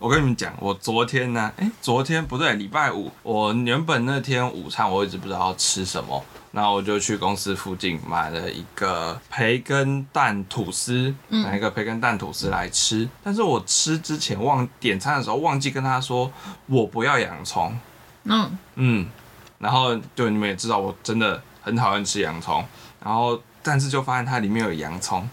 我跟你們講，我昨天呢、啊，哎，昨天不對，禮拜五，我原本那天午餐我一直不知道吃什麼，然後我就去公司附近買了一個培根蛋吐司，買一個培根蛋吐司來吃。但是我吃之前忘點餐的時候忘記跟他說我不要洋蔥，嗯嗯，然後對，你們也知道，我真的很討厭吃洋蔥，然後但是就發現它裡面有洋蔥，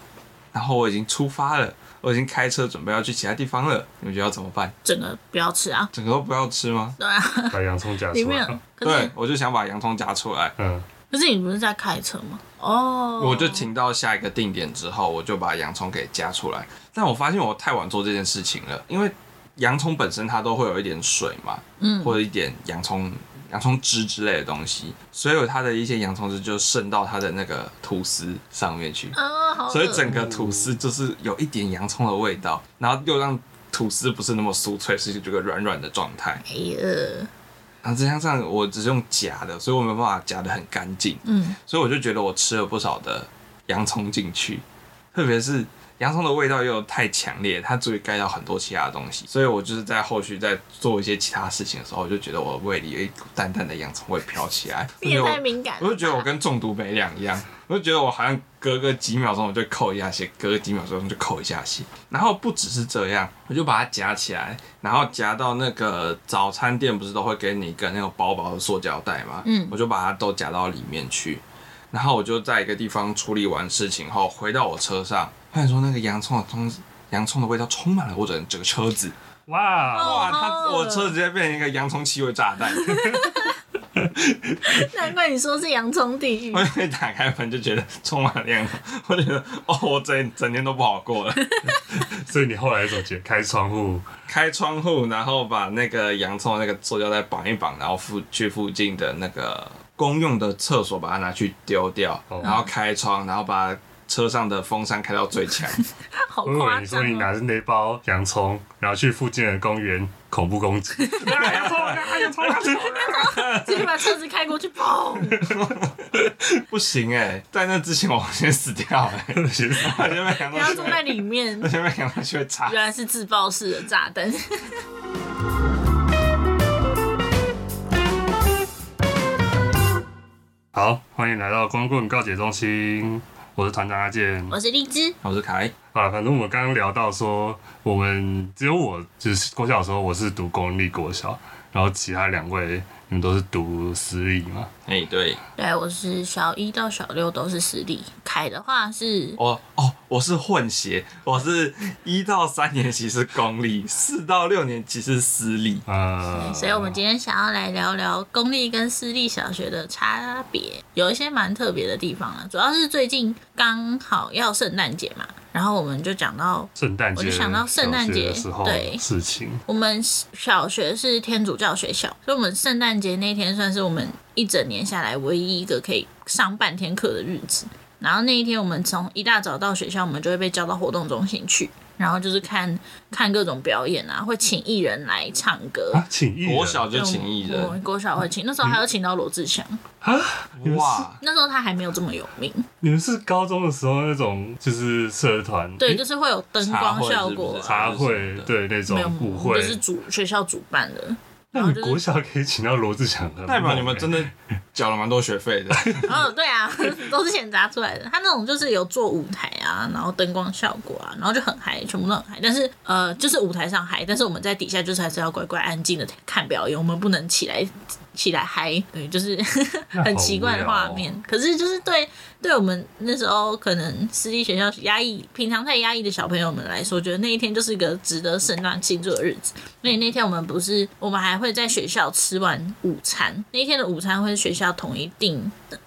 然後我已經出發了。我已經開車準備要去其他地方了，你們覺得要怎麼辦？整個不要吃啊！整個都不要吃嗎？對啊， 把洋蔥夾出來。對，我就想把洋蔥夾出來。嗯，可是你不是在開車嗎？哦、oh，我就停到下一個定點之後，我就把洋蔥給夾出來。但我發現我太晚做這件事情了，因為洋蔥本身它都會有一點水嘛，嗯，或者一點洋蔥。洋蔥汁之類的東西，所以它的一些洋蔥汁就滲到它的那個吐司上面去，哦，所以整個吐司就是有一點洋蔥的味道，然後又讓吐司不是那麼酥脆，是這個軟軟的狀態。哎呀，然後再加上我只是用夾的，所以我沒有辦法夾得很乾淨。嗯，所以我就覺得我吃了不少的洋蔥進去，特別是。洋蔥的味道又太強烈，它足以蓋掉很多其他的東西，所以我就是在後續在做一些其他事情的時候，我就覺得我的胃裡有一股淡淡的洋蔥味飄起來。你也太敏感了。我就覺得我跟中毒沒兩樣，我就覺得我好像隔個幾秒鐘我就扣一下血，隔個幾秒鐘就扣一下血。然後不只是這樣，我就把它夾起來，然後夾到那個早餐店不是都會給你一個那種薄薄的塑膠袋嗎？嗯，我就把它都夾到裡面去。然後我就在一個地方處理完事情後，回到我車上。突然說那個洋蔥的蔥，洋蔥的味道充滿了我整整個車子，哇、wow, 哇，oh, 他我車直接變成一個洋蔥氣味炸彈。 難怪你說是洋蔥地獄。我一打開門就覺得充滿了洋蔥，我覺得哦，我整整天都不好過了。 所以你後來是怎麼解決？開窗戶，開窗戶，然後把那個洋蔥那個塑料袋綁一綁，然後附去附近的那個公用的廁所把它拿去丟掉，oh. 然後開窗，然後把。車上的風扇開到最強。 好喔、以你說你拿着那包洋蔥，然後去附近的公園恐怖攻擊。 直接把車子開過去，砰 ！ 不行哎、欸，在那之前我先死掉哎、欸。不行，我先把洋蔥。你要在裡面。我先把洋蔥原來是自爆式的炸彈。 好，歡迎來到光棍告解中心。我是團長阿健、啊，我是荔枝，我是凱。啊，反正我們剛剛聊到說，我們只有我就是國小的時候我是讀公立國小，然後其他兩位。你們都是讀私立嗎？哎、hey，對，對，我是小一到小六都是私立。凱的話是，我哦，我是混血，我是一到三年級是公立，四 到六年級是私立。啊、uh，所以，我們今天想要來聊聊公立跟私立小學的差別，有一些蠻特別的地方啊，主要是最近剛好要聖誕節嘛。然後我們就講到聖誕節，我就想到聖誕節的時候，對，事情。我們小學是天主教學校，所以我們聖誕節那天算是我們一整年下來唯一一個可以上半天課的日子。然後那一天，我們從一大早到學校，我們就會被叫到活動中心去，然後就是看看各種表演啊，會請藝人來唱歌，啊、請藝人。國小就請藝人，國小會請。那時候還要請到羅志祥啊，哇！那時候他還沒有這麼有名。你們是高中的時候那種就是社團？對，就是會有燈光效果、茶會是不是茶會，對那種部會，沒有，就是主學校主辦的。國小可以請到羅志祥，代表你們真的繳了蠻多學費的。哦， 對啊，都是錢砸出來的。他那種就是有做舞台啊，然後燈光效果啊，然後就很嗨，全部都很嗨。但是呃，就是舞台上嗨，但是我們在底下就是還是要乖乖安靜的看表演，我們不能起來。起來嗨，對，就是 很奇怪的畫面，哦。可是就是對對我們那時候可能私立學校壓抑，平常太壓抑的小朋友們來說，覺得那一天就是一個值得聖誕慶祝的日子。所以那天我們不是，我們還會在學校吃完午餐。那一天的午餐會學校統一訂，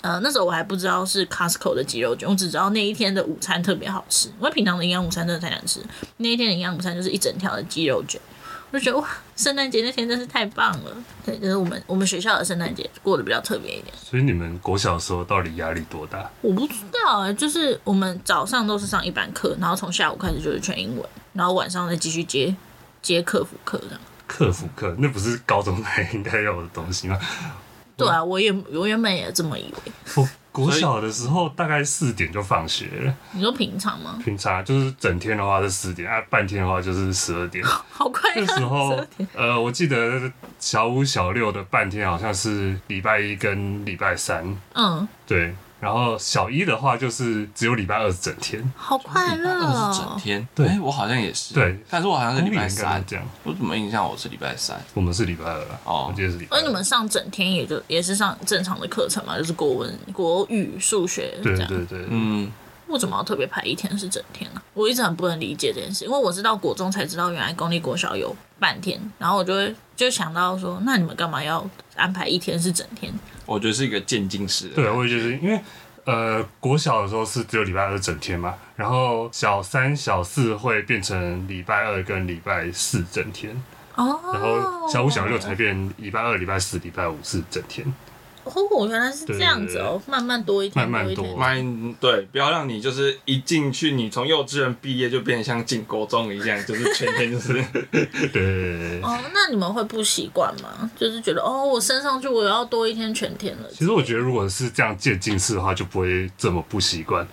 呃，那時候我還不知道是 Costco 的雞肉捲，我只知道那一天的午餐特別好吃。因為平常的營養午餐真的太難吃，那一天的營養午餐就是一整條的雞肉捲。就覺得哇，聖誕節那天真是太棒了。對，就是我們我們學校的聖誕節過得比較特別一點。所以你們國小的時候到底壓力多大？我不知道欸，就是我們早上都是上一般課，然後從下午開始就是全英文，然後晚上再繼續接接課輔課，這樣。課輔課，那不是高中才應該要的東西嗎？對啊，我也我原本也這麼以為。國小的時候，大概四點就放學了。你說平常嗎？平常就是整天的話是四點啊，半天的話就是十二點。好，好快啊，那時候，十二點，呃，我記得小五小六的半天好像是禮拜一跟禮拜三。嗯，對。然後小一的話就是只有禮拜二是整天，好快樂，禮拜二是整天。對，我好像也是，對，但是我好像是禮拜三這樣。我怎麼印象我是禮拜三？我們是禮拜二哦，我記得是禮拜二。而你們上整天，也就也是上正常的課程嘛，就是國文、國語、數學，對對對，嗯。為什麼要特別排一天是整天呢？啊？我一直很不能理解這件事，因為我知道國中才知道原來公立國小有半天，然後我就會就想到說，那你們幹嘛要安排一天是整天？我覺得是一個漸進式。對，我就是因為呃，國小的時候是只有禮拜二整天嘛，然後小三、小四會變成禮拜二跟禮拜四整天哦，然後小五、小六才變禮拜二、禮拜四、禮拜五是整天。哦，原來是這樣子哦、喔，慢慢多一，多一天，慢慢多，慢，對，不要讓你就是一進去，你從幼稚園畢業就變得像進高中一樣，就是全天就是 對。哦、oh,，那你們會不習慣嗎？就是覺得哦，oh, 我升上去我要多一天全天了。其實我覺得如果是這樣漸進式的話，就不會這麼不習慣。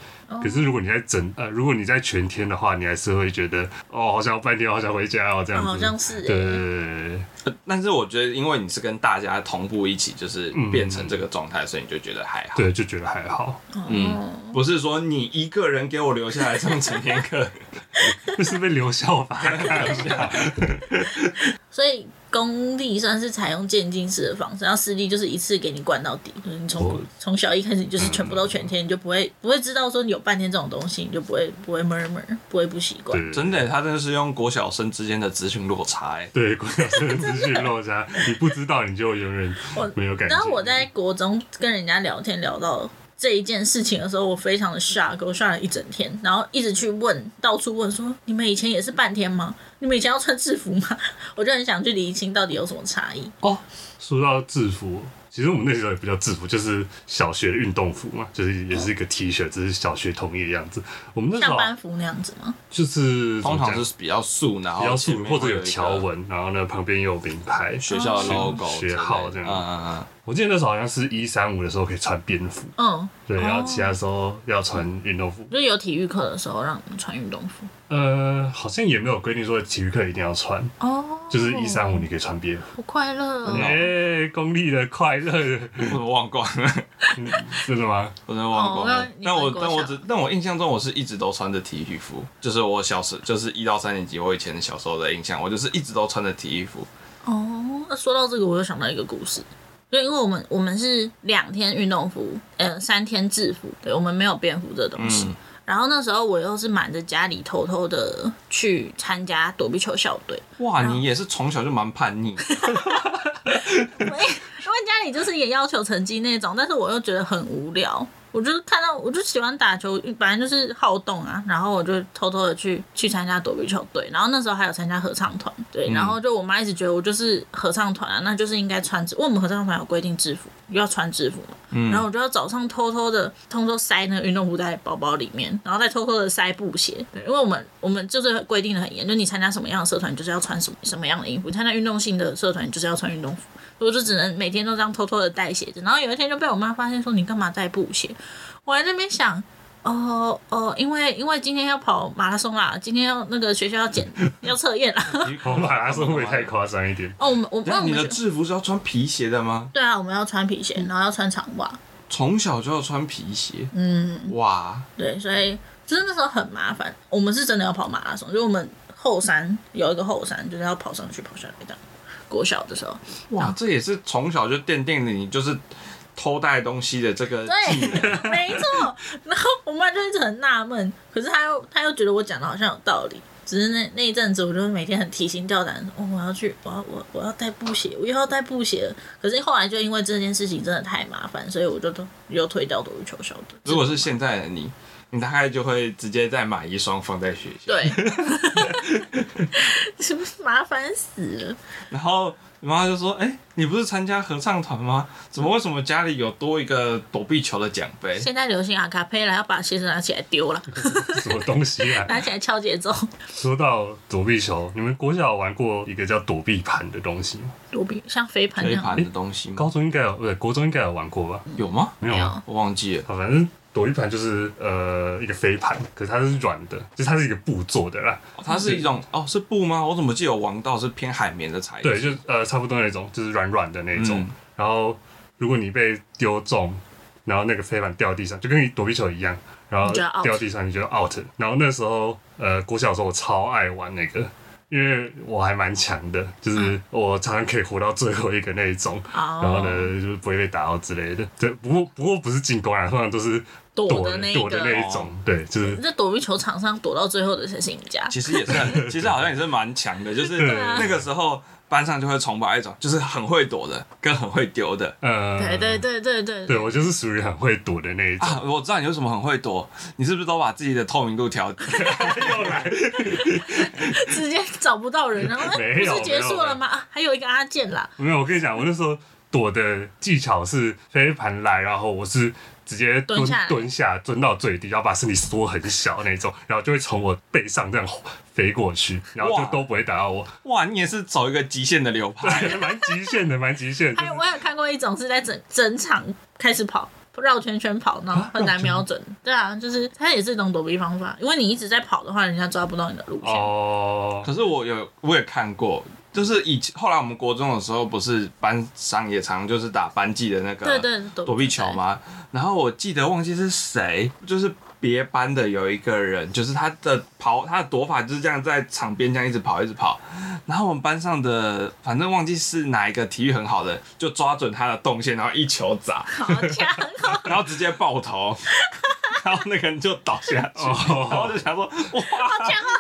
可是如果你在整呃，如果你在全天的話，你還是會覺得哦，好想要半天，好想回家哦，這樣子。嗯、好像是、欸。對、呃、但是我覺得，因為你是跟大家同步一起，就是變成這個狀態、嗯，所以你就覺得還好。對，就覺得還好。嗯，哦、不是說你一個人給我留下來上整天課， 是不是留校吧？留校。所以。公立算是採用漸進式的方式，然後私立就是一次給你灌到底，你從從小一開始你就是全部都全天，你就不會不會知道說你有半天這種東西，你就不會不會 murmur，不會不習慣。真的，他真的是用國小生之間的資訊落差、欸，對，國小生的資訊落差， 你不知道你就永遠沒有感覺。然後我在國中跟人家聊天聊到。這一件事情的時候，我非常的 shock，我 shock 了一整天，然後一直去問，到處問說，說你們以前也是半天嗎？你們以前要穿制服嗎？我就很想去理清到底有什麼差異。哦、oh，說到制服，其實我們那時候也不叫制服，就是小學運動服嘛，就是也是一個 T 恤，只、就是小學統一的樣子。我們那時候上班服那樣子嗎？就是通常就是比較素，然後比較素，或者有條紋，然後呢旁邊有名牌、啊、學校的 logo、學號這樣。嗯嗯嗯。我記得那時候好像是一三五的時候可以穿便服，嗯，對，然後其他時候要穿運動服。就有體育課的時候讓你穿運動服，呃，好像也沒有規定說體育課一定要穿哦，就是一三五你可以穿便服。哦，欸。快樂哦！哎，公立的快樂，我忘光了，真 的嗎？我真的忘光了。哦、但，但我但我只但我印象中我是一直都穿着體育服，就是我小時候就是一到三年級，我以前小時候的印象，我就是一直都穿着體育服。哦，那說到這個，我又想到一個故事。所以，因為我們我們是兩天運動服，呃，三天制服，對，我們沒有便服這東西，嗯。然後那時候我又是瞞着家裡偷偷的去參加躲避球校隊。哇，你也是從小就蠻叛逆， 因為家裡就是也要求成績那種，但是我又覺得很無聊。我就是看到，我就喜歡打球，反正就是好動啊。然後我就偷偷的去去參加躲避球隊，然後那時候還有參加合唱團，對、嗯。然後就我媽一直覺得我就是合唱團啊，那就是應該穿制服。因為我們合唱團有規定制服，要穿制服嘛、嗯。然後我就要早上偷偷的，偷偷塞那個運動服在包包裡面，然後再偷偷的塞布鞋。對，因為我們我們就是規定的很嚴，就你參加什麼樣的社團，你就是要穿什麼什麼樣的衣服。參加運動性的社團，你就是要穿運動服。我就只能每天都這樣偷偷的帶鞋子，然後有一天就被我媽發現，說你幹嘛帶布鞋？我還在那邊想，哦、呃、哦、呃，因為因為今天要跑馬拉松啦，今天要那個學校要檢要測驗啦。 你跑馬拉松會太誇張一點。哦，我們我們我們的制服是要穿皮鞋的嗎？對啊，我們要穿皮鞋，然後要穿長襪。從小就要穿皮鞋，嗯，哇，對，所以就是那時候很麻煩。我們是真的要跑馬拉松，就我們後山有一個後山，就是要跑上去跑下來的。國小的時候，哇，這也是從小就奠定了你就是偷帶東西的這個技能。對，沒錯。然後我媽就一直很納悶，可是她又他又覺得我講的好像有道理，只是那那一陣子，我就每天很提心吊膽，哦，我要去，我要我我要帶布鞋，我又要帶布鞋了。可是後來就因為這件事情真的太麻煩，所以我就都又退掉足球小隊。如果是現在的你。你大概就會直接再買一雙放在學校。對，是不是麻煩死了？然後媽媽就說：“哎、欸，你不是參加合唱團嗎？怎麼為什麼家裡有多一個躲避球的獎杯？”現在流行阿卡佩拉，要把鞋子拿起來丟了。 什麼東西啊？拿起來敲節奏。說到躲避球，你們國小有玩過一個叫躲避盤的東西嗎？躲避像飛盤一樣盤的東西嗎、欸、高中應該有，不對，國中應該有玩過吧？有嗎？沒有，沒有，我忘記了。反正。嗯躲避盤就是呃一個飛盤，可是它是軟的，就是、它是一個布做的啦、哦。它是一種是哦是布嗎？我怎麼記得有王道是偏海綿的材質？對，就呃差不多那種，就是軟軟的那種。嗯、然後如果你被丟中，然後那個飛盤掉地上，就跟你躲避球一樣。然後掉地上你就 out, 你 out。然後那時候呃，國小時候我超愛玩那個，因為我還蠻強的，就是我常常可以活到最後一個那一種。嗯、然後呢就不會被打到之類的。對，不過不過不是進攻啊，通常都是。躲的,躲的那一種，哦、對，就是在躲避球場上躲到最後的才是贏家。其實也是， 其實好像也是蠻強的， 就是那個時候班上就會崇拜一種，就是很會躲的跟很會丟的。呃、嗯，對對對對對,對,對，對我就是屬於很會躲的那一種、啊。我知道你為什麼很會躲，你是不是都把自己的透明度調， 直接找不到人，然後不是結束了嗎？有有還有一個阿健啦，沒有，我跟你講，我那時候躲的技巧是飛盤來，然後我是。直接蹲，蹲下，蹲下，蹲到最低，要把身體縮很小的那種，然後就會從我背上這樣飛過去，然後就都不會打到我哇。哇，你也是走一個極限的流派，對，蠻極限的，蠻極限的，的。還有，我有看過一種是在整整場開始跑，不繞圈圈跑，然後很難瞄準。啊對啊，就是它也是一種躲避方法，因為你一直在跑的話，人家抓不到你的路線。哦，可是我有，我也看過。就是以前，後來我們國中的時候，不是班上也常就是打班際的那個躲避球嗎？然後我記得忘記是誰，就是別班的有一個人，就是他的跑，他的躲法就是這樣在場邊這樣一直跑一直跑，然後我們班上的反正忘記是哪一個體育很好的，就抓準他的動線，然後一球砸，好強喔， 然後直接爆頭，然後那個人就倒下去，然後就想說哇，好強喔。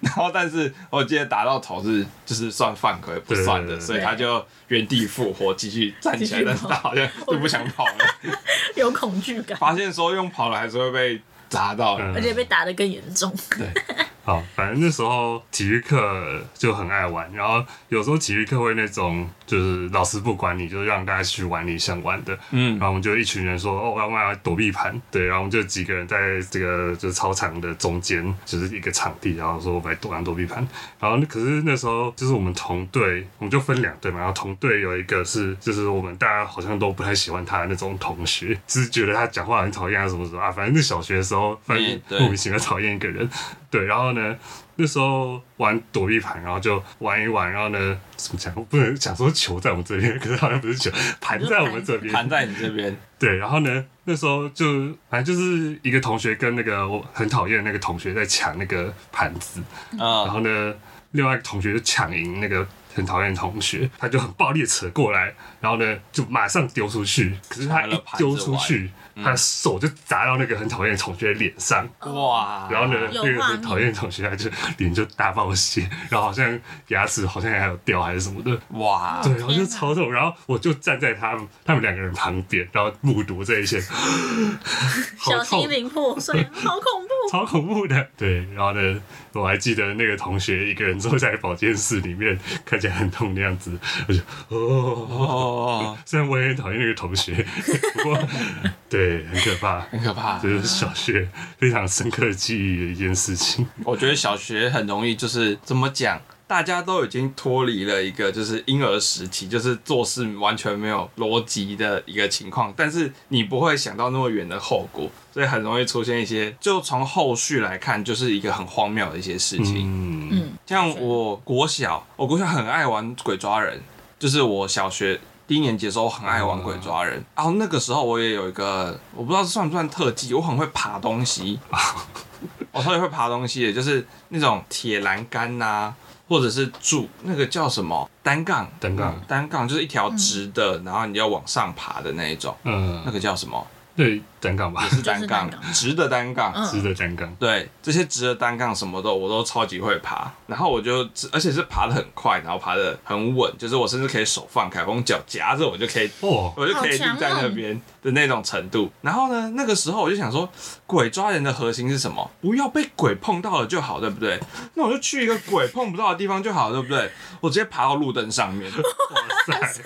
然後，但是我記得打到頭是就是算犯規不算的，對對對對，所以他就原地復活，繼續站起來， 但是他好像就不想跑了， 有恐懼感。發現說用跑了還是會被砸到的，嗯，而且被打得更嚴重。對， 好，反正那時候體育課就很愛玩，然後有時候體育課會那種。就是老師不管你，就讓大家去玩你想玩的。嗯，然後我們就一群人說，哦，我要要躲避盤。對，然後我們就幾個人在這個就是操場的中間，就是一個場地，然後說我來躲來躲避盤。然後那可是那時候就是我們同隊，我們就分兩隊嘛。然後同隊有一個是就是我們大家好像都不太喜歡他的那種同學，只是覺得他講話很討厭啊什麼什麼啊。反正小學的時候，反正莫名其妙討厭一個人。對，然後呢？那時候玩躲避盤，然後就玩一玩，然後呢怎麼講？我不能講說球在我們這邊，可是好像不是球，盤 在我們這邊。盤在你這邊。對，然後呢那時候就反正就是一個同學跟那個我很討厭那個同學在搶那個盤子、嗯、然後呢另外一個同學就搶贏那個很討厭的同學，他就很暴力的扯過來，然後呢就馬上丟出去，可是他一丟出去。他的手就砸到那個很討厭的同學的臉上，哇！然後呢，那個很討厭的同學他就臉、嗯、就大冒血，然後好像牙齒好像還有掉還是什麼的，哇！對，然後就超痛，然後我就站在他們他們兩個人旁邊，然後目睹這一切、嗯，小心靈破碎，好恐怖，超恐怖的。對，然後呢，我還記得那個同學一個人坐在保健室裡面，看起來很痛的樣子，我就哦，哦，哦，哦，哦，雖然我也很討厭那個同學， 不過。 對，很可怕， 很可怕，就是小學 非常深刻的記憶的一件事情。我覺得小學很容易，就是怎麼講，大家都已經脫離了一個就是嬰兒時期，就是做事完全沒有邏輯的一個情況，但是你不會想到那麼遠的後果，所以很容易出現一些，就從後續來看，就是一個很荒謬的一些事情。嗯嗯，像我國小，我國小很愛玩鬼抓人，就是我小學。第一年級的時候，我很愛玩鬼抓人然後、嗯啊、那個時候我也有一個，我不知道算不算特技，我很會爬東西。我、啊 哦、特別會爬東西的，就是那種鐵欄杆吶、啊，或者是柱，那個叫什麼？單槓。單槓、嗯。單槓就是一條直的、嗯，然後你要往上爬的那一種。嗯。那個叫什麼？對。單槓吧，也是單槓、就是，直的單槓，直的單槓。對，這些直的單槓什麼的我都超級會爬，然後我就，而且是爬的很快，然後爬的很穩，就是我甚至可以手放開，我用腳夾着我就可以，哦、我就可以定在那邊的那種程度、喔。然後呢，那個時候我就想說，鬼抓人的核心是什麼？不要被鬼碰到了就好，對不對？那我就去一個鬼碰不到的地方就好，對不對？我直接爬到路燈上面。哇塞，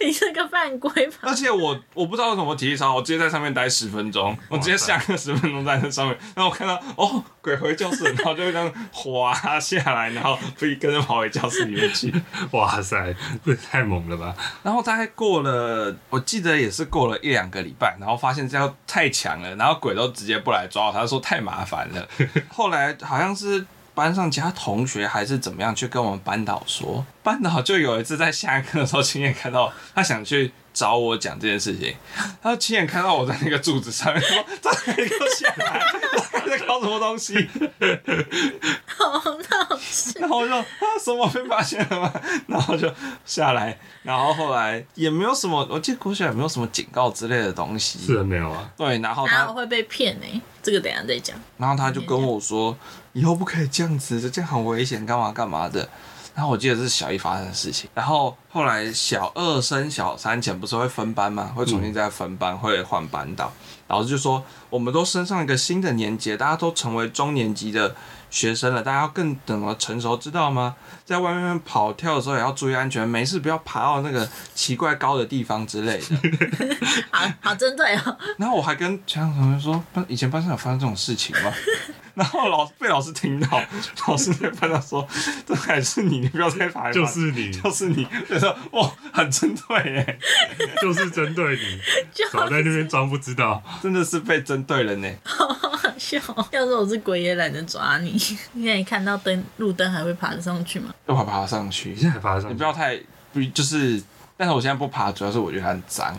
你是個犯規吧？而且我我不知道為什麼體力超好。直接在上面待十分鐘，我直接下課十分鐘在那上面，然後我看到哦，鬼回教室， 然後就這樣滑下來，然後飛跟着跑回教室裡面去。哇塞，這太猛了吧！然後大概過了，我記得也是過了一兩個禮拜，然後發現這樣太強了，然後鬼都直接不來抓我，他就說太麻煩了。 後來好像是班上其他同學還是怎麼樣，去跟我們班導說，班導就有一次在下課的時候親眼看到他想去。找我講這件事情，他親眼看到我在那個柱子上面，他說：“張國喜來，你在搞什麼東西？”好鬧，然後我說、啊：“什麼被發現了？”然後就下來。然後後來也沒有什麼，我記得郭喜來也沒有什麼警告之類的東西。是的，沒有啊。對，然後他、啊、會被騙哎、欸，這個等下再講。然後他就跟我說：“以後不可以這樣子，這樣很危險，幹嘛幹嘛的。”然後我記得是小一發生的事情，然後後來小二升小三前不是會分班嗎？會重新再分班，嗯、會換班導。老師就說，我們都升上一個新的年級，大家都成為中年級的學生了，大家要更怎麼成熟，知道嗎？在外面跑跳的時候也要注意安全，沒事不要爬到那個奇怪高的地方之類的。 好好針對哦。然後我還跟其他同學說，以前班上有發生這種事情嗎？然後老被老師聽到，老師在班上說：“ 這還是你，你不要再爬了。”就是你，就是你。就說：“哇、哦，很針對耶， 就是針對你。就是”少在那邊裝不知道，真的是被針對了呢。好，好笑、喔，要是我是鬼，也懶得抓你。現在看到燈、路燈，還會爬上去嗎？要爬爬上去，現在爬上去。你不要太不就是。但是我現在不爬，主要是我覺得它很髒，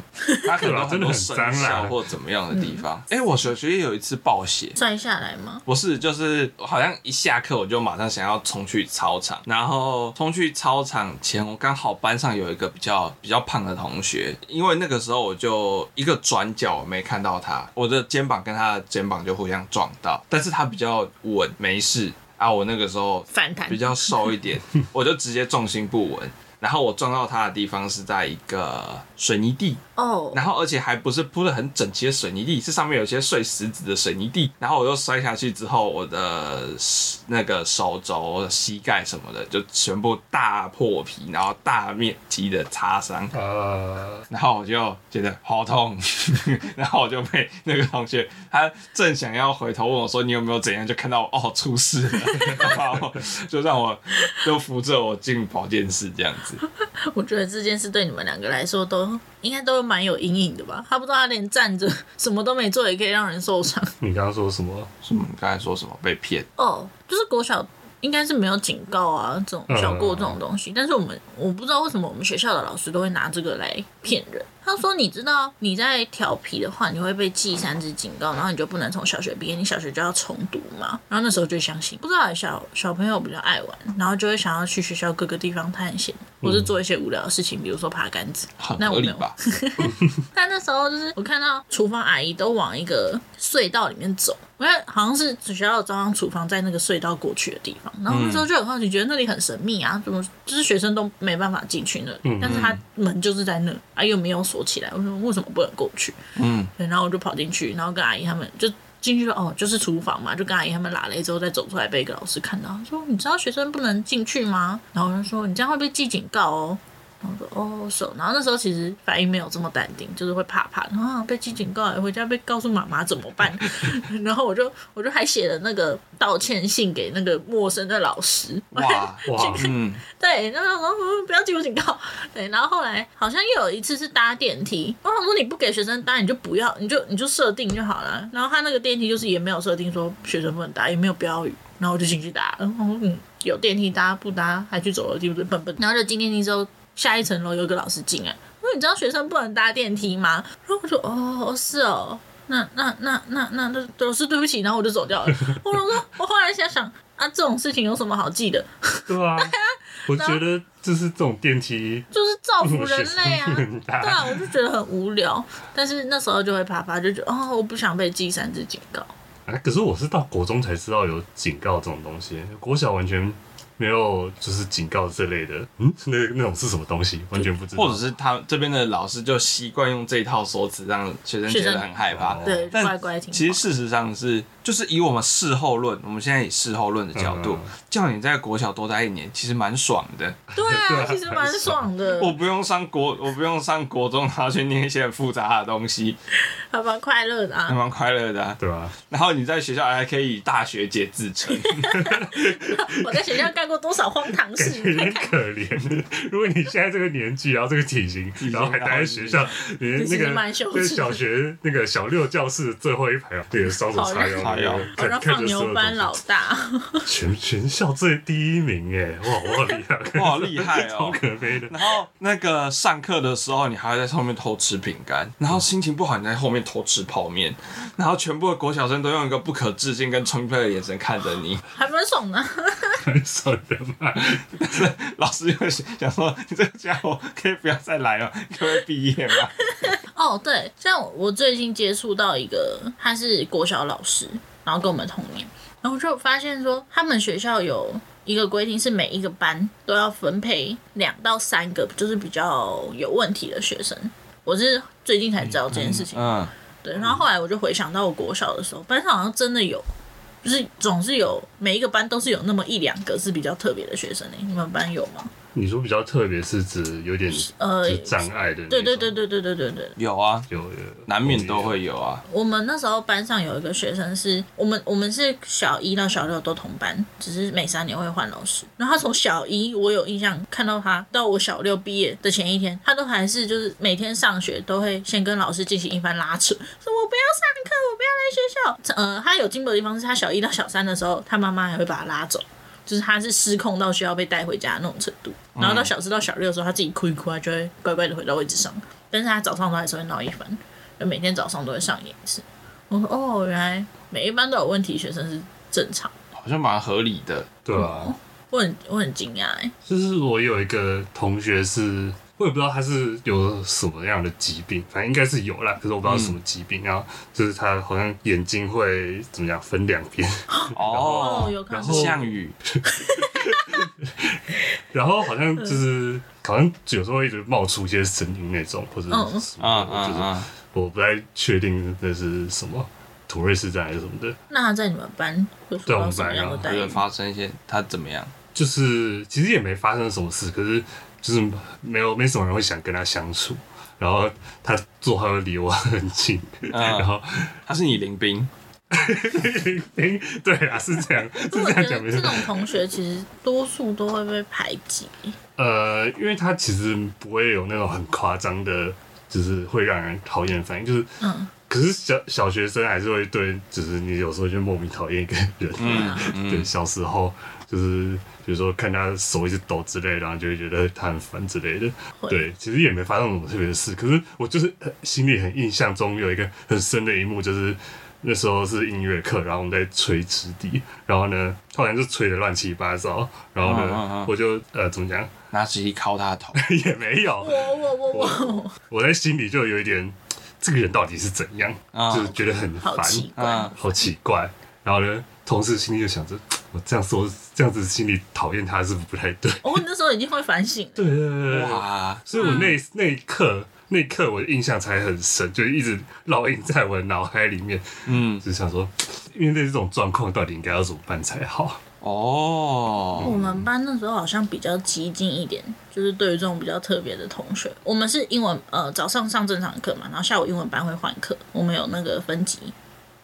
它可能真的有蟑螂或怎麼樣的地方。哎、 啊欸，我小學也有一次爆血摔下來嗎？不是，就是我好像一下課我就馬上想要衝去操場，然後衝去操場前，我剛好班上有一個比較比較胖的同學，因為那個時候我就一個轉角我沒看到他，我的肩膀跟他的肩膀就互相撞到，但是他比較穩，沒事啊。我那個時候反彈比較瘦一點，我就直接重心不穩。 然後我撞到他的地方是在一個水泥地。然後而且還不是鋪的很整齊的水泥地，是上面有一些碎石子的水泥地。然後我又摔下去之後，我的那個手肘、膝蓋什麼的就全部大破皮，然後大面積的擦傷。Uh... 然後我就覺得好痛，然後我就被那個同學，他正想要回頭問我說，你有沒有怎樣，就看到我哦出事了，然後就讓我就扶着我進保健室這樣子。我覺得這件事對你們兩個來說都應該都蠻有陰影的吧？差不多，他連站着什麼都沒做，也可以讓人受傷。你剛剛說什麼？什麼？嗯。你剛才說什麼？被騙？哦，Oh，就是國小應該是沒有警告啊，這種小過這種東西。嗯嗯嗯嗯。但是我們我不知道為什麼我們學校的老師都會拿這個來騙人。他說：“你知道，你在調皮的話，你會被記三支警告，然後你就不能從小學畢業，你小學就要重讀嘛。”然後那時候就相信，不知道小小朋友比較愛玩，然後就會想要去學校各個地方探險，嗯、或是做一些無聊的事情，比如說爬杆子。那我沒有。呵呵 但那時候就是我看到廚房阿姨都往一個隧道裡面走，因為好像是學校裝上廚房在那個隧道過去的地方。然後那時候就很好奇，覺得那裡很神秘啊，怎麼就是學生都沒辦法進去呢？嗯？但是他門就是在那，啊，又沒有鎖。起來，我說為什麼不能過去？嗯，然後我就跑進去，然後跟阿姨他們就進去說哦，就是廚房嘛，就跟阿姨他們拉了之後再走出來，被一個老師看到，說你知道學生不能進去嗎？然後他說你這樣會被記警告哦。我說哦，手、oh, so.。然後那時候其實反應沒有這麼淡定，就是會怕怕，然後、啊、被記警告，回家被告訴媽媽怎麼辦？ 然後我就我就還寫了那個道歉信給那個陌生的老師。哇哇，嗯，對，那，然後說、嗯、不要記我警告。對，然後後來好像又有一次是搭電梯，然我想說你不給學生搭，你就不要，你就你就設定就好了。然後他那個電梯就是也沒有設定說學生不能搭，也沒有標語，然後我就進去搭，然嗯嗯，有電梯搭不搭還去走樓梯，是不是笨笨？然後就進電梯之後。下一層樓有個老師進來，因為你知道學生不能搭電梯嗎？然後我說哦，是哦，那那那那那那老師對不起，然後我就走掉了。 我說我後來想想啊，這種事情，有什麼好記的？對啊， 我覺得就是這種電梯就是造福人類啊，對啊，我就覺得很無聊。但是那時候就會怕怕，就覺得啊、哦，我不想被記三支警告。哎，可是我是到國中才知道有警告這種東西，國小完全。沒有，就是警告之類的，嗯，那那種是什麼東西，完全不知道。或者是他這邊的老師就習慣用這一套說辭，讓學生覺得很害怕。對，但其實事實上是。就是以我們事後論，我們現在以事後論的角度，叫、嗯啊、你在國小多待一年，其實蠻爽的。對啊，其實蠻爽的。我不用上國，我不用上國中、啊，然後去念一些很複雜的東西。還蠻快樂的。啊。還蠻快樂的、啊，對吧、啊？然後你在學校還,還可以以大學姐自稱。 我在學校幹過多少荒唐事？可憐。如果你現在這個年紀，然後這個體型，然後還待在學校，的你,其實是的你那個在、那個、小學那個小六教室最後一排啊，對，那個雙手叉腰。然後放牛班老大，全全校最第一名耶、欸。哇，好厲害，哇，厲害哦，好可悲的。然後那個上課的時候，你還在上面偷吃餅乾，然後心情不好，你在後面偷吃泡麵，然後全部的國小生都用一個不可置信跟崇拜的眼神看着你，還蠻爽的、啊，很爽的嘛。但是老師就想說，你這個家伙可以不要再來了，你可不可以畢業吧。哦，對，像我最近接觸到一個，他是國小老師，然後跟我們同年，然後就發現說他們學校有一個規定，是每一個班都要分配兩到三個，就是比較有問題的學生。我是最近才知道這件事情，嗯，對。然後後來我就回想到我國小的時候，班上好像真的有，就是總是有每一個班都是有那麼一兩個是比較特別的學生的。你們班有嗎？你說比較特別，是指有點呃障礙的？對、呃、對對對對對對對。有啊有有，難免都會有啊。我們那時候班上有一個學生是，我們我們是小一到小六都同班，只是每三年會換老師。然後他從小一我有印象看到他，到我小六畢業的前一天，他都還是就是每天上學都會先跟老師進行一番拉扯，說我不要上課，我不要來學校。呃，他有進步的地方是，他小一到小三的時候，他媽媽還會把他拉走。就是他是失控到需要被帶回家那種程度，嗯、然後到小四到小六的時候，他自己哭一哭，他就會乖乖的回到位置上。但是他早上都還是會鬧一番，就每天早上都會上演一次。我說哦，原來每一班都有問題學生是正常，好像蠻合理的，對吧、啊嗯。我很我很驚訝，哎，就是我有一個同學是，我也不知道他是有什麼樣的疾病，反正應該是有啦。可是我不知道什麼疾病，嗯。然後就是他好像眼睛會怎麼樣分兩邊。哦， 然後哦有可能是項羽。 然後好像就是，嗯，好像有時候會一直冒出一些聲音那種，或者嗯嗯嗯，就是，我不太確定那是什麼妥瑞氏症還是什麼的。那他在你們班會什麼對，我們班有沒有發生一些他怎麼樣？就是其實也沒發生什麼事，可是。就是沒有沒什麼人會想跟他相處，然後他坐好離我很近，嗯、然後他是你鄰兵。 鄰兵對啊，是這樣。 是這樣講，我覺得這種同學其實多數都會被排擠。呃，因為他其實不會有那種很誇張的，就是會讓人討厭的反應，就是嗯，可是小小學生還是會對，就是你有時候就莫名討厭一個人，嗯、啊，對嗯，小時候就是。比如說看他手一直抖之類，然後就會覺得他很煩之類的。對，其實也沒發生什麼特別的事。可是我就是、呃、心裡很印象中有一個很深的一幕，就是那時候是音樂課，然後我們在吹直笛，然後呢，突然就吹的亂七八糟，然後呢，嗯嗯嗯、我就呃，怎麼講？拿紙一敲他的頭？也沒有。我我我我，我在心裡就有一點，這個人到底是怎樣？嗯、就是、覺得很煩，啊、嗯，好奇怪。然後呢？同時心裡就想着，我這樣說這樣子，心裡討厭他是不太對、哦。我那時候已經會反省，對對對對對。哇！所以，我那、嗯、那一刻，那一刻我的印象才很深，就一直烙印在我的腦海裡面。嗯，就想說，面對這種狀況，到底應該要怎麼辦才好？哦、嗯。我們班那時候好像比較激進一點，就是對於這種比較特別的同學，我們是英文呃早上上正常課嘛，然後下午英文班會換課，我們有那個分級。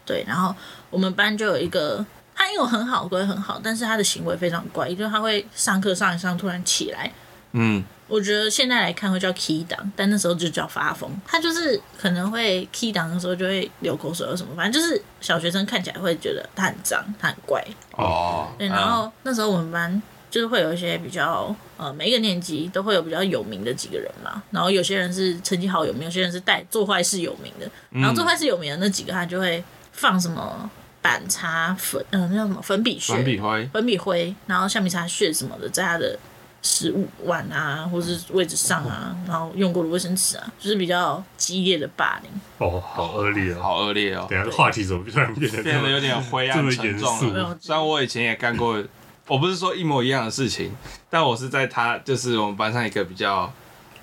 對，然後我們班就有一個。他因為很好，乖很好，但是他的行為非常怪，就是他會上課上一上突然起來。嗯，我覺得現在來看會叫 key 檔，但那時候就叫發瘋。他就是可能會 key 檔的時候就會流口水，有什麼，反正就是小學生看起來會覺得他很髒，他很怪。哦，對。然後那時候我們班就是會有一些比較呃，每一個年級都會有比較有名的幾個人嘛。然後有些人是成績好有名，有些人是帶做壞事有名的。然後做壞事有名的那幾個，他就會放什麼。板擦粉，嗯，那什麼粉筆屑粉筆灰，粉筆灰，然後橡皮擦屑什麼的，在他的食物碗啊，或是位置上啊，然後用過的衛生紙啊，就是比較激烈的霸凌。哦，好惡劣哦，哦好惡劣哦。等下對啊，話題怎麼突然變對變得有點灰暗？這麼嚴重？雖然我以前也幹過， 我不是說一模一樣的事情，但我是在他，就是我們班上一個比較，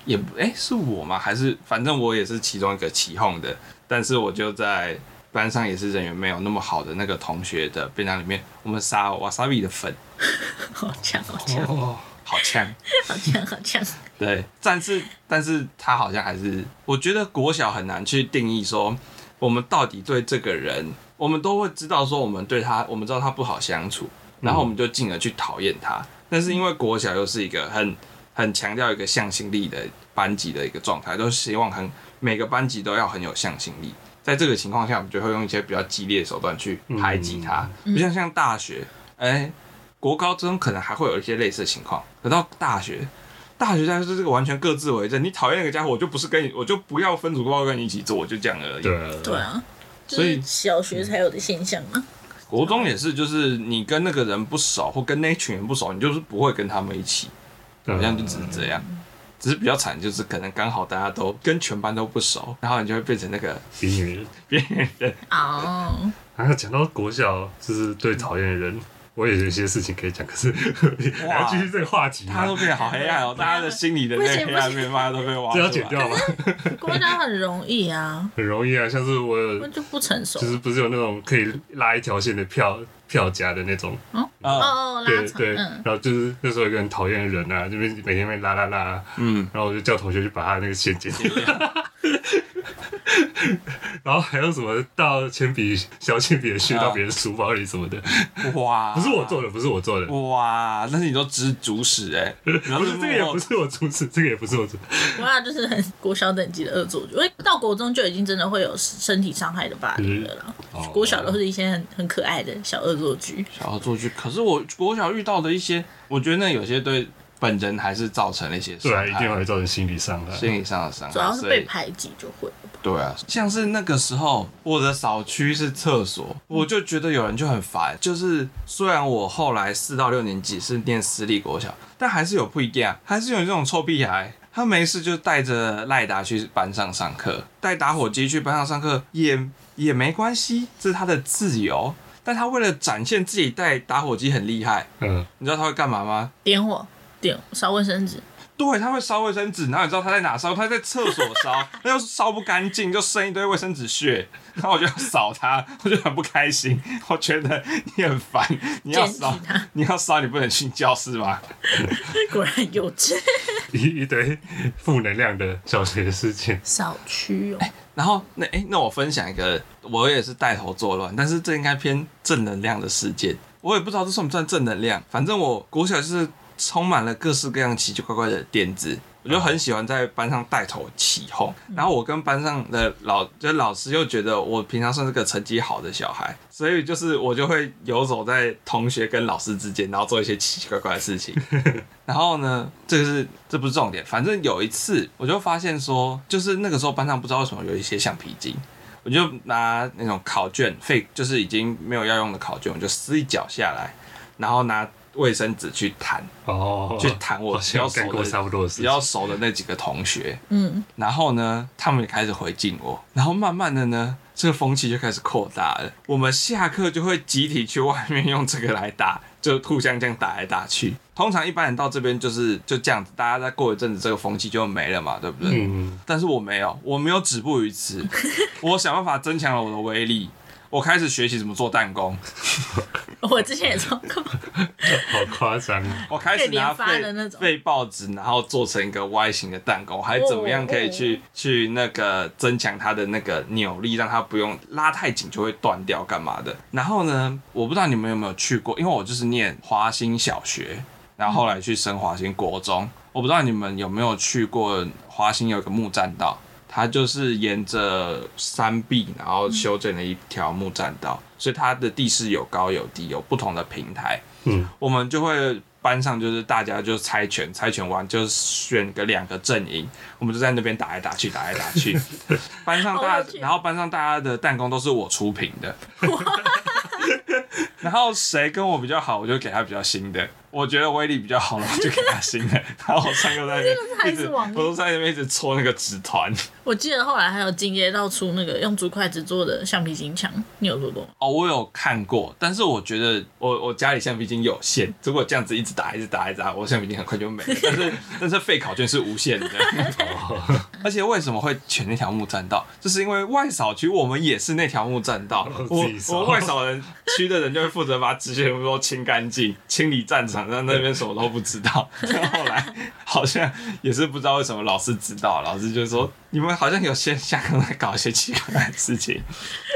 也，哎、欸，是我嗎？還是反正我也是其中一個起鬨的，但是我就在。班上也是人緣沒有那麼好的那個同學的便當裡面，我們撒 wasabi 的粉， 好嗆好嗆，好嗆 好嗆好嗆 對，但是但是他好像還是，我覺得國小很難去定義說我們到底對這個人，我們都會知道說我們對他，我們知道他不好相處，然後我們就進而去討厭他，嗯。但是因為國小又是一個很很強調一個向心力的班級的一個狀態，都希望很每個班級都要很有向心力。在這個情況下，我們就會用一些比較激烈的手段去排擠他，嗯，不像像大學，哎，欸，國高中可能還會有一些類似的情況，等到大學，大學家就是這個完全各自為政，你討厭那個傢伙，我就不是跟你，我就不要分組報告跟你一起做，我就這樣而已。對啊，所以，就是，小學才有的現象啊。國中也是，就是你跟那個人不熟，或跟那群人不熟，你就是不會跟他們一起，啊，好像就只能這樣。只是比較慘，就是可能剛好大家都跟全班都不熟，然後你就會變成那個邊緣人，邊緣人。哦，然後講到國小，就是最討厭的人。我也有一些事情可以講，可是還要繼續這個話題，他都變好黑暗哦、喔，大家的心裡的那個黑暗面，大家都被挖出來。跟我講很容易啊， 很容易啊，像是我就不成熟，就是不是有那種可以拉一條線的票票夾的那種，哦哦，哦，拉長對對、嗯，然後就是那時候有個很討厭的人啊，就邊每天被拉拉拉，嗯，然後我就叫同學去把他那個線剪掉。 然後還有什麼，到鉛筆、小鉛筆削到別人書包裡什麼的？哇！不是我做的，不是我做的。哇！但是你都知主使哎，不是這個也不是我主使，這個也不是我主。哇！就是很國小等級的惡作劇，因為到國中就已經真的會有身體傷害的霸凌了。國小都是一些很很可愛的小惡作劇，小惡作劇。可是我國小遇到的一些，我覺得那有些對本人還是造成了一些對啊，一定會造成心理傷害，心理上的傷害，主要是被排擠就會。對啊，像是那個時候，我的掃區是廁所，嗯，我就覺得有人就很煩。就是雖然我後來四到六年級是念私立國小，但還是有不一樣，還是有這種臭屁孩，他沒事就帶着賴達去班上上課，帶打火機去班上上課也也沒關係，這是他的自由。但他為了展現自己帶打火機很厲害，嗯，你知道他會幹嘛嗎？點火，點燒衛生紙。對，他會燒衛生紙，然後你知道他在哪燒？他在廁所燒，那又燒不乾淨，就剩一堆衛生紙屑。然後我就要掃他，我就很不開心。我覺得你很煩，你要掃他，你要掃你不能去教室嗎？果然有錢 ，一堆負能量的小學事件。掃區哦、欸。然後那、欸、那我分享一個，我也是帶頭作亂，但是這應該偏正能量的事件。我也不知道這算不算正能量，反正我國小、就是。充滿了各式各樣奇奇怪怪的點子，我就很喜歡在班上帶頭起鬨。然後我跟班上的老就老師又覺得我平常算是個成績好的小孩，所以就是我就會遊走在同學跟老師之間，然後做一些奇奇怪怪的事情。 然後呢，這個是這不是重點，反正有一次我就發現說，就是那個時候班上不知道為什麼有一些橡皮筋，我就拿那種考卷廢，就是已經沒有要用的考卷，我就撕一角下來，然後拿。衛生紙去彈，哦，去彈我比較熟的，差不多的事，比較熟的那幾個同學，嗯，然後呢，他們也開始回敬我，然後慢慢的呢，這個風氣就開始擴大了。我們下課就會集體去外面用這個來打，就互相這樣打來打去。通常一般人到這邊就是就這樣子，大家再過一陣子，這個風氣就沒了嘛，對不對？嗯。但是我沒有，我沒有止步於此，我想辦法增強了我的威力。我開始學習怎麼做彈弓，我之前也做過，好誇張！我開始拿廢的那種廢報紙，然後做成一個 Y 型的彈弓，還怎麼樣可以去去那個增強它的那個扭力，讓它不用拉太緊就會斷掉幹嘛的。然後呢，我不知道你們有沒有去過，因為我就是念華興小學，然後後來去升華興國中、嗯，我不知道你們有沒有去過華興有個木棧道。它就是沿着山壁，然後修建了一條木棧道，嗯，所以它的地勢有高有低，有不同的平台。嗯，我們就會班上就是大家就猜拳，猜拳完就選個兩個陣營，我們就在那邊打來打去，打來打去。 班上大，然後班上大家的彈弓都是我出品的。 然後誰跟我比較好，我就給他比較新的。我覺得威力比較好了，我就給他新的。 然後三個在那邊 一直，我都在那邊一直搓那個紙團。我記得後來還有進階到出那個用竹筷子做的橡皮筋槍，你有做過？哦，我有看過，但是我覺得我我家裡橡皮筋有限，如果這樣子一直打，一直打，一直打，我橡皮筋很快就沒了。但是 但是廢考卷是無限的。 而且為什麼會選那條木棧道？就是因為外掃區我們也是那條木棧道。我我們外掃人區的人就會負責把紙屑全部清乾淨，清理戰場。但那邊什麼都不知道。但後來好像也是不知道為什麼老師知道，老師就說 你們好像有些下課在搞一些奇怪的事情。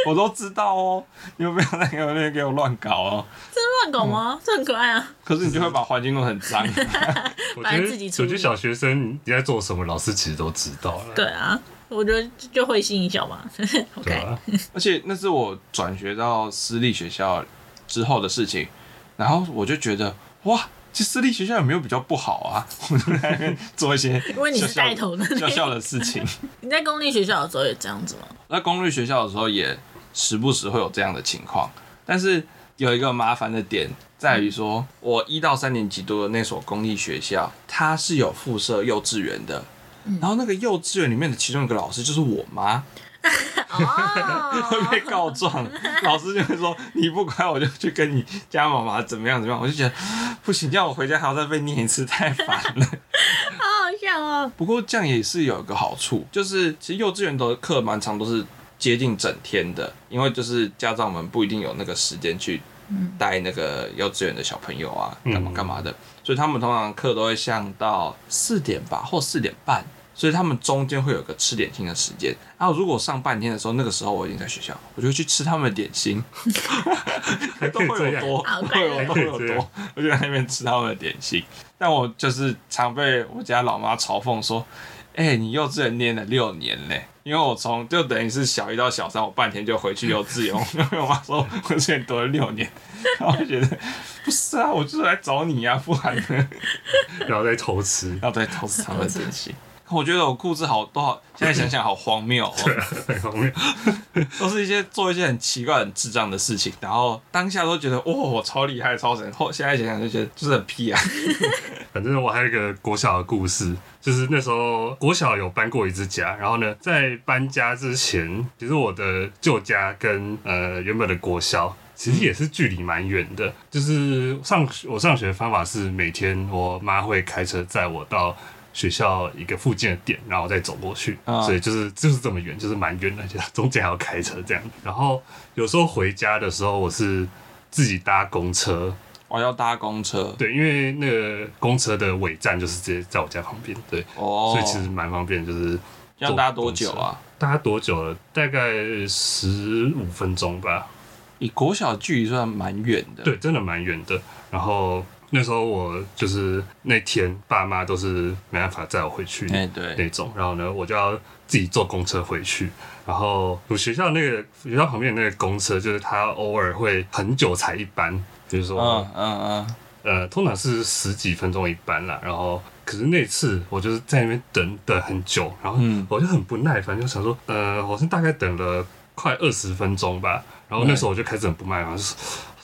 我都知道哦，你們不要在那邊給我亂搞哦。這是亂搞嗎、嗯？這很可愛啊。可是你就會把環境弄很髒 。我覺得有些小學生你在做什麼，老師其實都知道。對啊，我覺得就會心一笑嘛。啊、 OK，而且那是我轉學到私立學校之後的事情，然後我就覺得哇，這私立學校有沒有比較不好啊？我們那邊做一些小小因為你是帶頭的學校的事情，你在公立學校的時候也這樣子嗎？在公立學校的時候也時不時會有這樣的情況，但是有一個麻煩的點在於說，嗯、我一到三年級讀的那所公立學校，它是有附設幼稚園的。然後那個幼稚園裡面的其中一個老師就是我媽、哦，會 被告狀，老師就會說，你不乖，我就去跟你家媽媽怎麼樣怎麼樣，我就覺得不行，叫我回家還要再被念一次，太煩了，哦、好好笑哦。不過這樣也是有一個好處，就是其實幼稚園的課蠻長，都是接近整天的，因為就是家長們不一定有那個時間去帶那個幼稚園的小朋友啊，幹嘛幹嘛的、嗯，所以他們通常課都會上到四點吧，或四點半。所以他們中間會有個吃點心的時間，然、啊、後如果上半天的時候，那個時候我已經在學校，我就會去吃他們的點心， 都會有多還都會，有還都會，有都會有多有多，我就在那邊吃他們的點心。但我就是常被我家老媽嘲諷說：“哎、 欸，你幼稚園念了六年嘞！”因為我從就等於是小一到小三，我半天就回去幼稚園， 我媽媽說：“ 我幼稚園讀了六年。”然後我覺得不是啊，我就是來找你啊，不然呢， 然後再偷吃，然後再偷吃他們的點心。我覺得我故事好多，好，現在想想好荒謬哦、喔 對啊，很荒謬， 都是一些做一些很奇怪、很智障的事情，然後當下都覺得哇，超厲害、超神，後現在想想就覺得就是很屁啊。 反正我還有一個國小的故事，就是那時候國小有搬過一次家，然後呢，在搬家之前，其實我的舊家跟呃原本的國小其實也是距離蠻遠的，就是上學我上學的方法是每天我媽會開車載我到。學校一個附近的店，然後再走過去，嗯、所以就是就是這麼遠，就是蠻遠的，中間還要開車這樣。然後有時候回家的時候，我是自己搭公車。我要搭公車？對，因為那個公車的尾站就是直接在我家旁邊。對，哦，所以其實蠻方便，就是要搭多久啊？搭多久了？大概十五分鐘吧。以國小距離算蠻遠的，對，真的蠻遠的。然後。那時候我就是那天爸媽都是沒辦法載我回去，那種，然後呢，我就要自己坐公車回去。然後我學校，那個學校旁邊那個公車，就是它偶爾會很久才一班，比如說，嗯嗯嗯，呃，通常是十幾分鐘一班啦。然後可是那次我就是在那邊等，等很久，然後我就很不耐煩，就想說，呃，好像大概等了快二十分鐘吧。然後那時候我就開始很不耐煩，就說。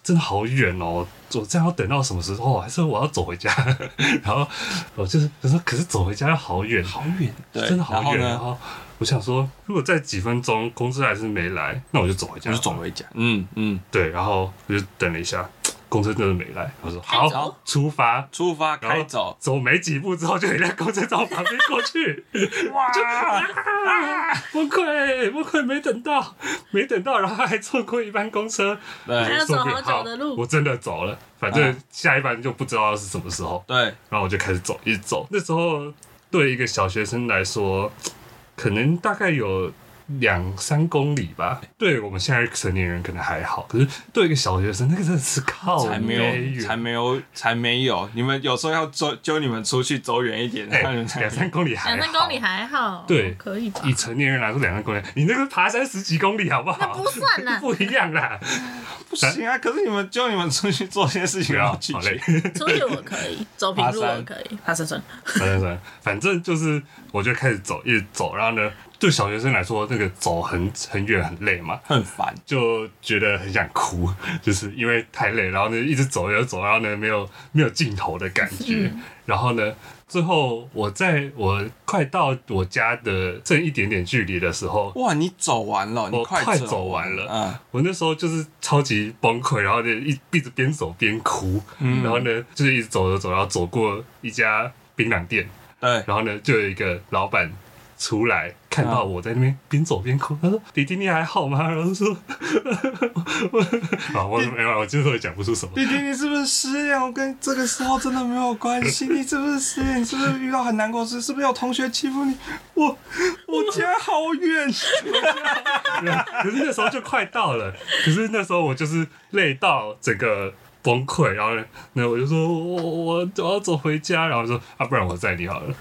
真的好遠哦！我這樣要等到什麼時候？哦，還是我要走回家？ 然後我就是他說，可是走回家要好遠，好遠，真的好遠。然後我想說，如果再幾分鐘，公司還是沒來，那我就走回家，我就走回家。嗯嗯，對。然後我就等了一下。公車真的沒來，我說好，出發，出發然後，開走，走沒幾步之後，就有一輛公車從我旁邊過去， 就哇，崩、啊、潰、啊啊，崩潰，沒等到，沒等到，然後還錯過一班公車，還要走好久的路，我真的走了，反正下一班就不知道是什麼時候，對，然後我就開始走，一走，那時候對一個小學生來說，可能大概有。兩三公里吧。對我們現在成年人可能還好，可是對一個小學生，那個真的是靠，才沒，才沒有，才沒有，才沒有。你們有時候要走，叫你們出去走遠一點。兩、欸、三,三公里還好，對，可以吧？以成年人來說，兩三公里，你那個爬山十幾公里好不好？那不算啦，不一樣啦、啊。不行啊！可是你們叫你們出去做些事情啊，好累。出去我可以走平路我可以，爬山算，反正就是我就開始走，一直走，然後呢，對小學生來說，那個走很很遠很累嘛，很煩，就覺得很想哭，就是因為太累，然後呢一直走又走，然後呢沒有沒有盡頭的感覺，嗯、然後呢最後我在我快到我家的這一點點距離的時候，哇，你走完了，你快走我快走完了，嗯、啊，我那時候就是超級崩潰，然後就一直邊走邊哭，嗯、然後呢就是一直走着走，然後走過一家檳榔店對，然後呢就有一個老闆。出來看到我在那邊邊走邊哭，他說：“弟弟，你還好嗎？”然後就說：“我……啊，我沒我今天也講不出什麼。”弟弟，你是不是失戀？我跟這個時候真的沒有關係。你是不是失戀？你是不是遇到很難過的事？是不是有同學欺負你？我我家好遠 好， 可是那時候就快到了。可是那時候我就是累到整個崩潰，然後那我就說：“我我我要走回家。”然後就說：“啊，不然我載你好了。”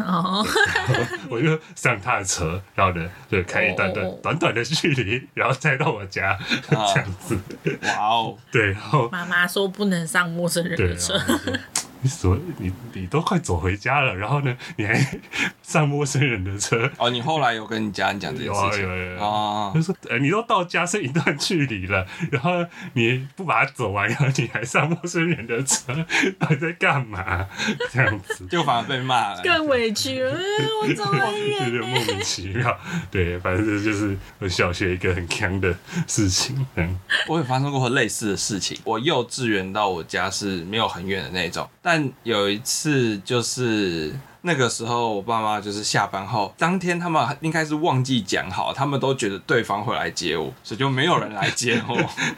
哦， 我就上他的車，然後呢，就開一段段短短的距離，然後再到我家、哦這樣、啊、這樣子。哇哦，對，然後媽媽說不能上陌生人的車。 你走，你你都快走回家了，然後呢，你還上陌生人的車？哦，你後來有跟你家人講這件事情、啊啊啊、哦他說，呃、欸，你都到家是一段距離了，然後你不把它走完，然後你還上陌生人的車，還 在幹嘛？這樣子 就反而被罵了，更委屈了。我走很遠，莫名其妙。對，反正就是我小學一個很坑的事情、 嗯。我有發生過類似的事情。我幼稚園到我家是沒有很遠的那種，但但有一次，就是那個時候，我爸媽就是下班後當天，他們應該是忘記講好，他們都覺得對方會來接我，所以就沒有人來接我。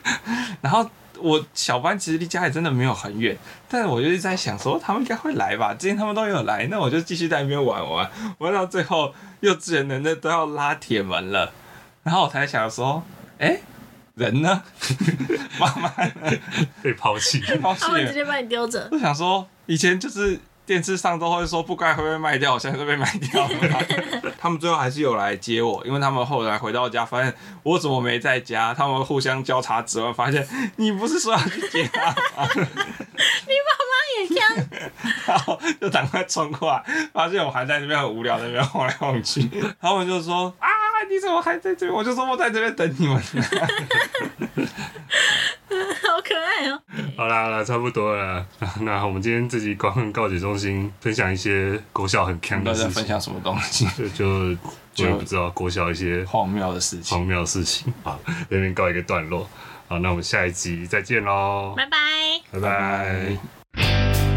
然後我小班其實離家裡真的沒有很遠，但我就一直在想說，他們應該會來吧？之前他們都有來，那我就繼續在那邊玩玩，玩到最後幼稚園的那都要拉鐵門了，然後我才想說，哎、欸。人呢？慢慢被拋棄，拋棄。他們直接把你丟着。我想說，以前就是電視上都會說不該會被賣掉，我現在都被賣掉了。他們最後還是有來接我，因為他們後來回到家，發現我怎麼沒在家？他們互相交叉質問，發現你不是說要去接他嗎、啊？你爸媽也這樣？然後就趕快衝過來，發現我還在那邊很無聊，那邊晃來晃去。他們就說啊。你怎麼還在這邊？我就說我在這邊等你們 好可愛哦、喔！好啦，好啦，差不多了。那，那我們今天這集《廣文告解中心》光棍告解中心分享一些國小很鏘的事情。是在分享什麼東西？ 就就不知道國小一些荒謬的事情。荒謬的事情。好，這邊告一個段落。好，那我們下一集再見嘍！拜拜，拜拜。Bye bye